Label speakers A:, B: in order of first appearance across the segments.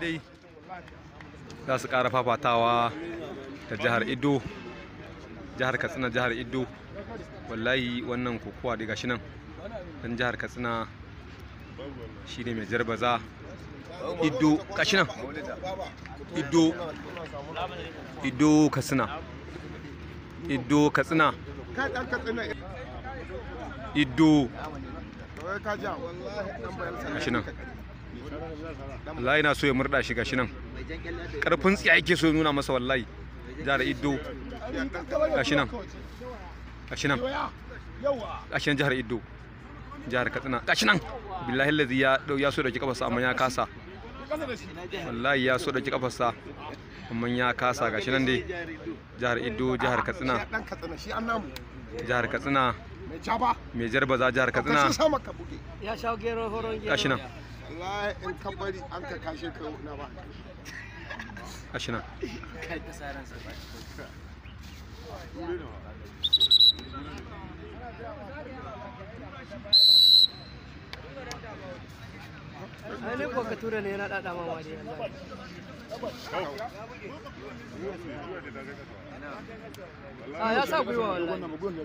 A: dai za su ƙara fafatawa da jihar ido jihar katsina jihar ido wallahi wannan kokowa daga shi nan dan jihar katsina shi ne mai jarbaza ido kashi nan ido ido katsina ido katsina ido kashi nan wallahi na so ya murda shi gashi nan karfin tsiya yake so nuna masa wallahi da jara iddo gashi nan gashi nan gashi nan jihar iddo jihar katsina gashi nan billahi lazi ya ya so da ki kafarsa amma ya kasa wallahi ya so da ki kafarsa amma ya kasa gashi nan dai jihar iddo jihar katsina jihar katsina mai za jihar katsina ya shawo gero horon gashi nan wallahi in ka bari an ka kashe na ba nan kai ta sa ba ne ko ka tura ne yana dada ah, ya sa gwiwa wallahi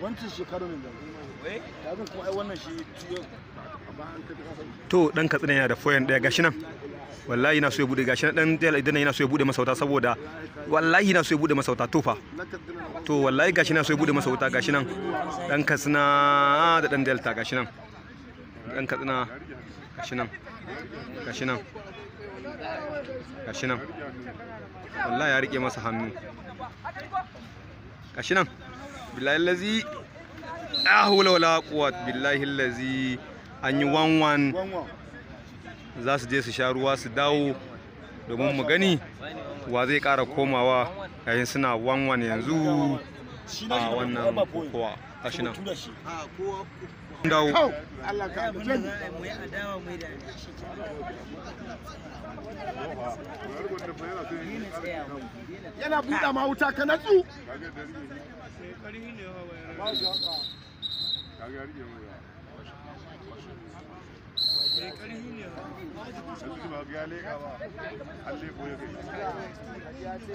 A: wancan shekaru ne da kuma wannan shi to dan katsina yana da foyan daya gashi nan wallahi yana so ya bude gashi dan dela idan yana so ya bude masauta saboda wallahi yana so ya bude masauta to fa to wallahi gashi yana so ya bude masauta gashi nan dan katsina da dan delta gashi nan dan katsina gashi nan gashi nan gashi nan wallahi ya rike masa hannu gashi nan billahi lazi la hawla wala quwwat billahi lazi an yi wanwan za su je su sha ruwa su dawo domin mu gani wa zai kara komawa yayin suna wanwan yanzu a wannan kowa gashi nan yana buɗa ma ka natsu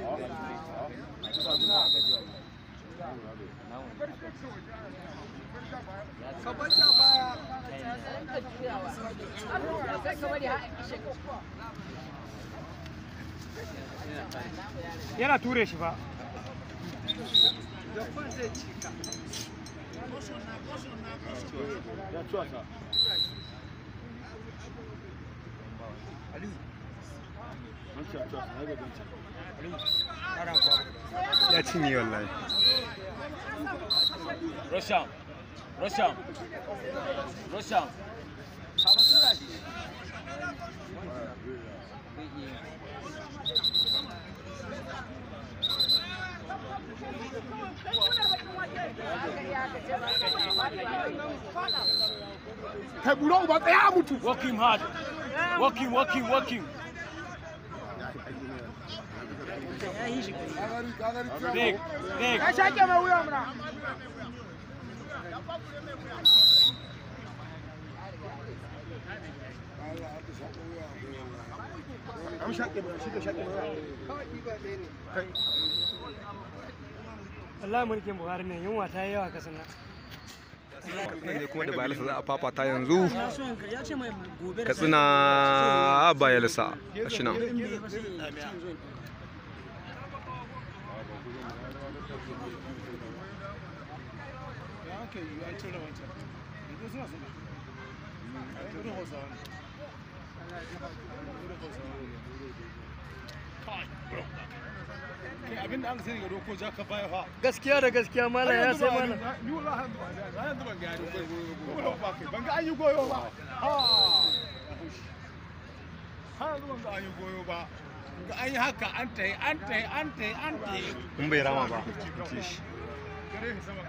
A: ya yana ture shi ba ya cinye wallahi Roşam. Roşam. Roşam. Havası da değil. Kai buro uba tsaya mutu. Work him hard. Work him, work him, work him. Dik, dik. Ka shake mai wuya mura. an shaƙe mai buhari ne kuma da bayelsa za a fafata yanzu katsina ah, bayelsa a shi nan gaskiya da gaskiya mala ya sai mala ni wallahi ban ga ban ban ga yi goyo ba ga an goyo ba ga an yi haka an tayi an an tayi an bai rama ba gare shi sama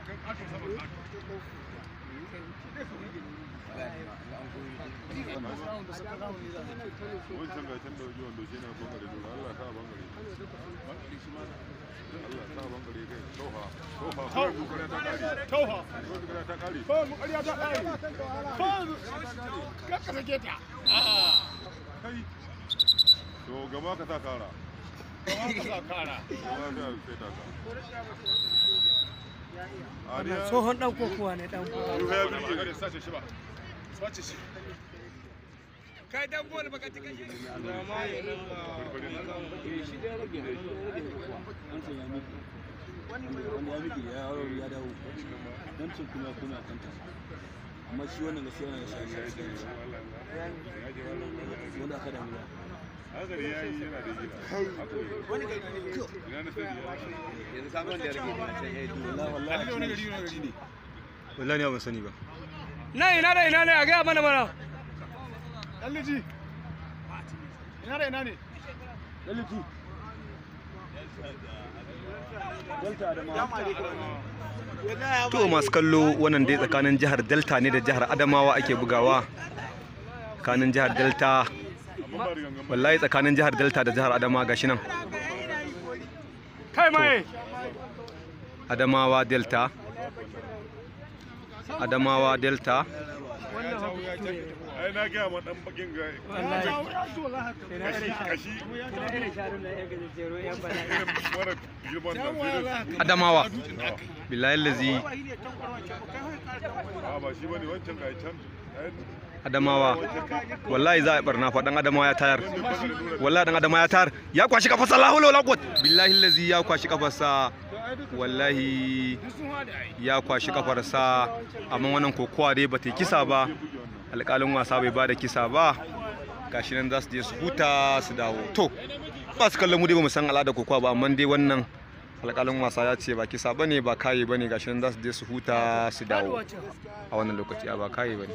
A: to gaba ka ta kara gaba ka ta kara ko ta ta kara tsohon dan kokowa ne dan kokowa kai dan bol baka tika shi ya wani ya miki ya yaro ya dawo dan cin kuma kuna amma shi wannan gaskiya yana wanda aka damu Hazari ya ban sani ba. ina da ina ne a gaya mana mana. Ina da ina ne. To masu kallo wannan dai tsakanin jihar Delta ne da jihar Adamawa ake bugawa. Tsakanin jihar Delta wallahi tsakanin jihar delta da jihar adama shi nan kai mai adamawa delta adamawa delta adamawa billahi lazi ah, adamawa wallahi za a barna fa dan adamawa ya tayar wallahi dan adamawa ya tayar ya kwashi kafarsa sa lahu wala quwwat billahi allazi ya kwashi kafarsa wallahi ya kwashi kafarsa amma wannan kokowa dai ba ta kisa ba alƙalin wasa bai ba da kisa ba gashi nan za su je su huta su dawo to ba su kallon mu dai ba mu san al'ada kokowa ba amma dai wannan alƙalin wasa ya ce ba kisa ba ne ba kaye ba ne gashi nan za su je su huta su dawo a wannan lokaci a ba kaye ba ne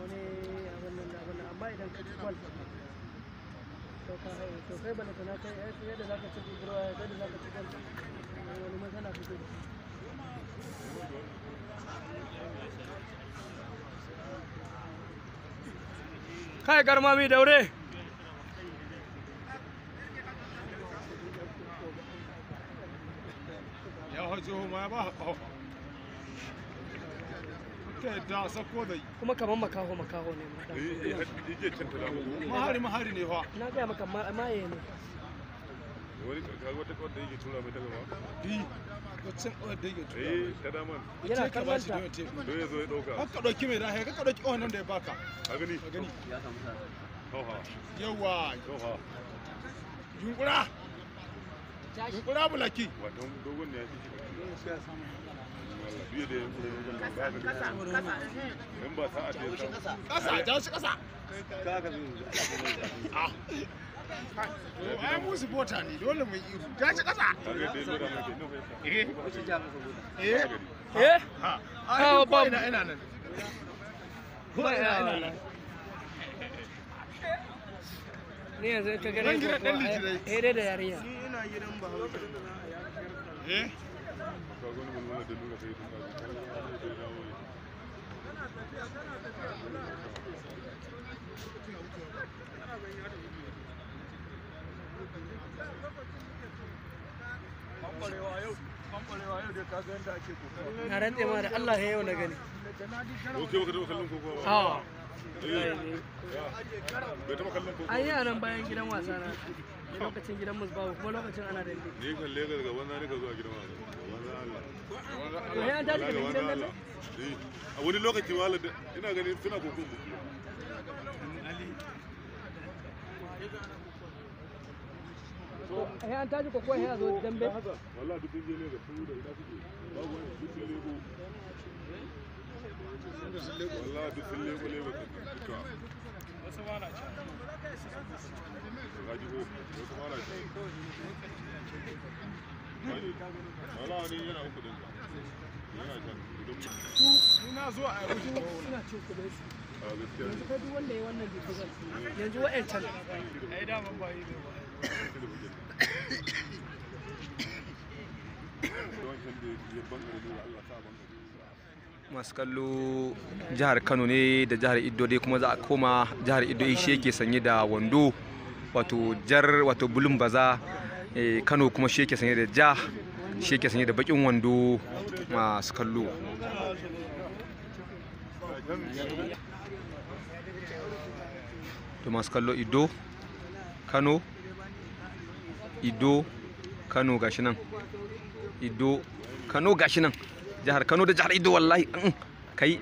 A: wani abin ka ci bal to ka hau to kai bala tana kai yadda ci yadda ci daure ya hajjo ma ba kai da sako da kuma makaho makaho ne eh, eh, mahari mahari ne fa na ga maka maye ne wani yake tura mai wacin da yake tura ta eh, daman yana ya zo ya dauka haka dauki mai dauki nan da ya baka a gani a gani ya yawa yawa yunkura yunkura bulaki wato dogon ne ya fi shi biyu da kasa kasa ba kasa kasa shi kasa ka ne dole kasa eh eh eh ha ne yanzu ka gare ni da ina gidan Muhammad da nuna sai da da kana tafiya kana tafiya kana da da Na rantse ma da Allah ya yau na gani. Oke, baka taɓa kallon kokowa ba. Ha. Eh, bai taɓa kallon kokowa. Ai yaran bayan gidan wasa na. lokacin gidan musbawa kuma lokacin ana da. Ni kalle ga gaban na ni zuwa gidan wasa. Eh, a wani lokaci wala da ina ganin suna kokon ku he eh, an tashi kokon he zo dambe wallahi duk je ne ga su da ina suke babu wani duk ne
B: lego wallahi duk ne sun lego lego duka
A: wasu ma na ci gaji ko wasu ma na ci wallahi ne yana uku dinka masu kallo jihar kano ne da jihar iddo dai kuma za a koma jihar iddo shi yake sanye da wando wato jar wato bulun baza eh, kano kuma shi yake sanye da ja shi yake sanye da bakin wando masu kallo to masu kallo ido kano ido kano gashi nan ido kano gashi nan jihar kano da jihar ido wallahi mm, kai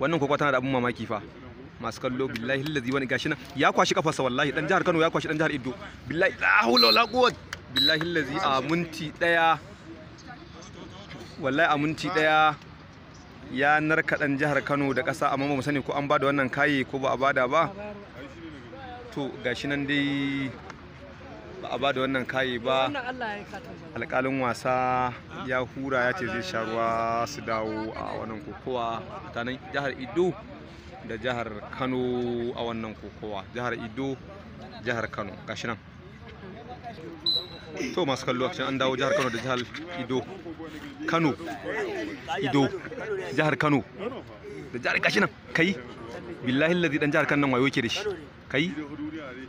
A: wannan kwakwa tana da abin mamaki fa masu kallo billahi lazi wani gashi nan ya kwashi kafarsa wallahi dan jihar kano ya kwashi dan jihar ido billahi la hawla wala quwwata billahi lazi a minti daya wallahi a minti daya ya narkaɗan jihar kano da ƙasa amma ba mu sani ko an ba da wannan kayi ko ba a bada ba to gashi nan dai ba a ba da wannan kayi ba alƙalin wasa ah. ya hura ya ce zai sha ruwa su dawo a wannan kokowa tanan jihar ido da jihar kano a wannan kokowa jihar ido jihar kano gashi nan to masu kallo action an dawo jihar Kano da jihar Ido Kano Ido jihar Kano da jihar kashi nan kai billahi lazi dan jihar Kano wayo ke da shi kai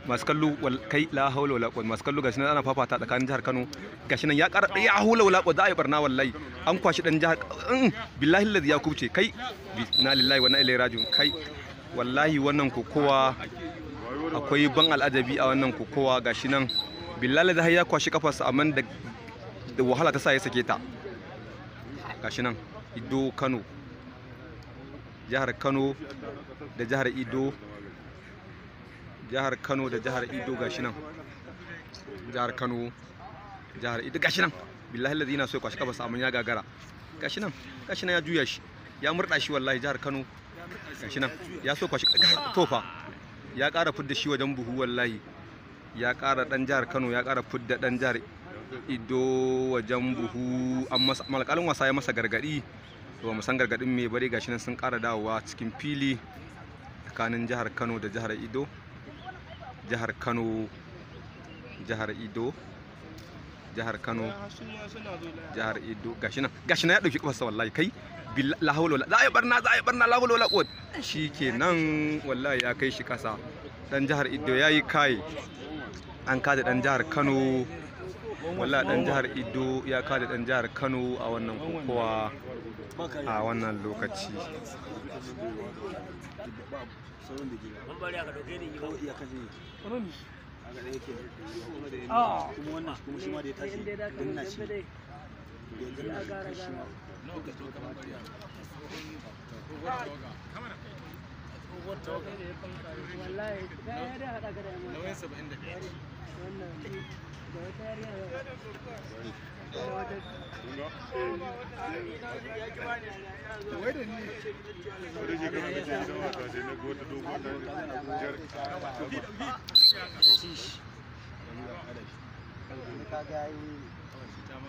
A: masu kallo kai la haula wala quwwata masu kallo gashi nan ana fafata tsakanin jihar Kano gashi nan ya kara ya haula wala quwwata yi barna wallahi an kwashi dan jihar mm, billahi lazi ya kubce kai na lillahi wa na ilaihi rajiun kai wallahi wannan kokowa akwai ban al'ajabi a wannan kokowa gashi nan billali da ya kwashi kafarsa amma da wahala ta sa ya sake ta gashi nan ido kano jihar kano da jihar ido jihar kano da jihar ido gashi nan jihar kano jihar ido gashi nan billahi lazi yana so ya kwashi kafarsa amma ya gagara gashi nan gashi nan ya juya shi ya murda shi wallahi jihar kano gashi nan ya so kwashi tofa ya kara fudda shi wajen buhu wallahi ya kara dan jihar kano ya kara fidda dan jihar ido wajen buhu malkalin wasa ya masa gargaɗi to mu san gargaɗin mai bari gashi nan sun kara dawowa cikin fili tsakanin jihar kano da jihar ido jihar kano jihar ido jihar kano jihar ido gashi nan gashi nan ya dauki kafarsa wallahi kai la hawla za a yi barna za a yi barna la hawla wala quwwat shikenan wallahi ya kai shi kasa dan jihar ido yayi kai an kada dan jihar kano wala dan jihar ido ya kada dan jihar kano a wannan kokowa a wannan lokaci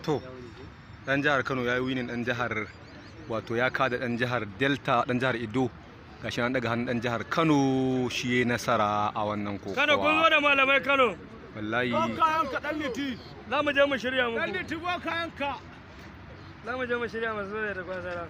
A: to dan jihar kano ya yi winin dan jihar wato ya kada dan jihar delta dan jihar ido gashi an daga hannun dan jihar kano shi nasara a wannan kokowa kano kun zo da malamai kano wallahi ko kayan ka dan liti za mu je mu shirya muku dan liti ko kayan ka za mu je mu shirya mu zo da kwasara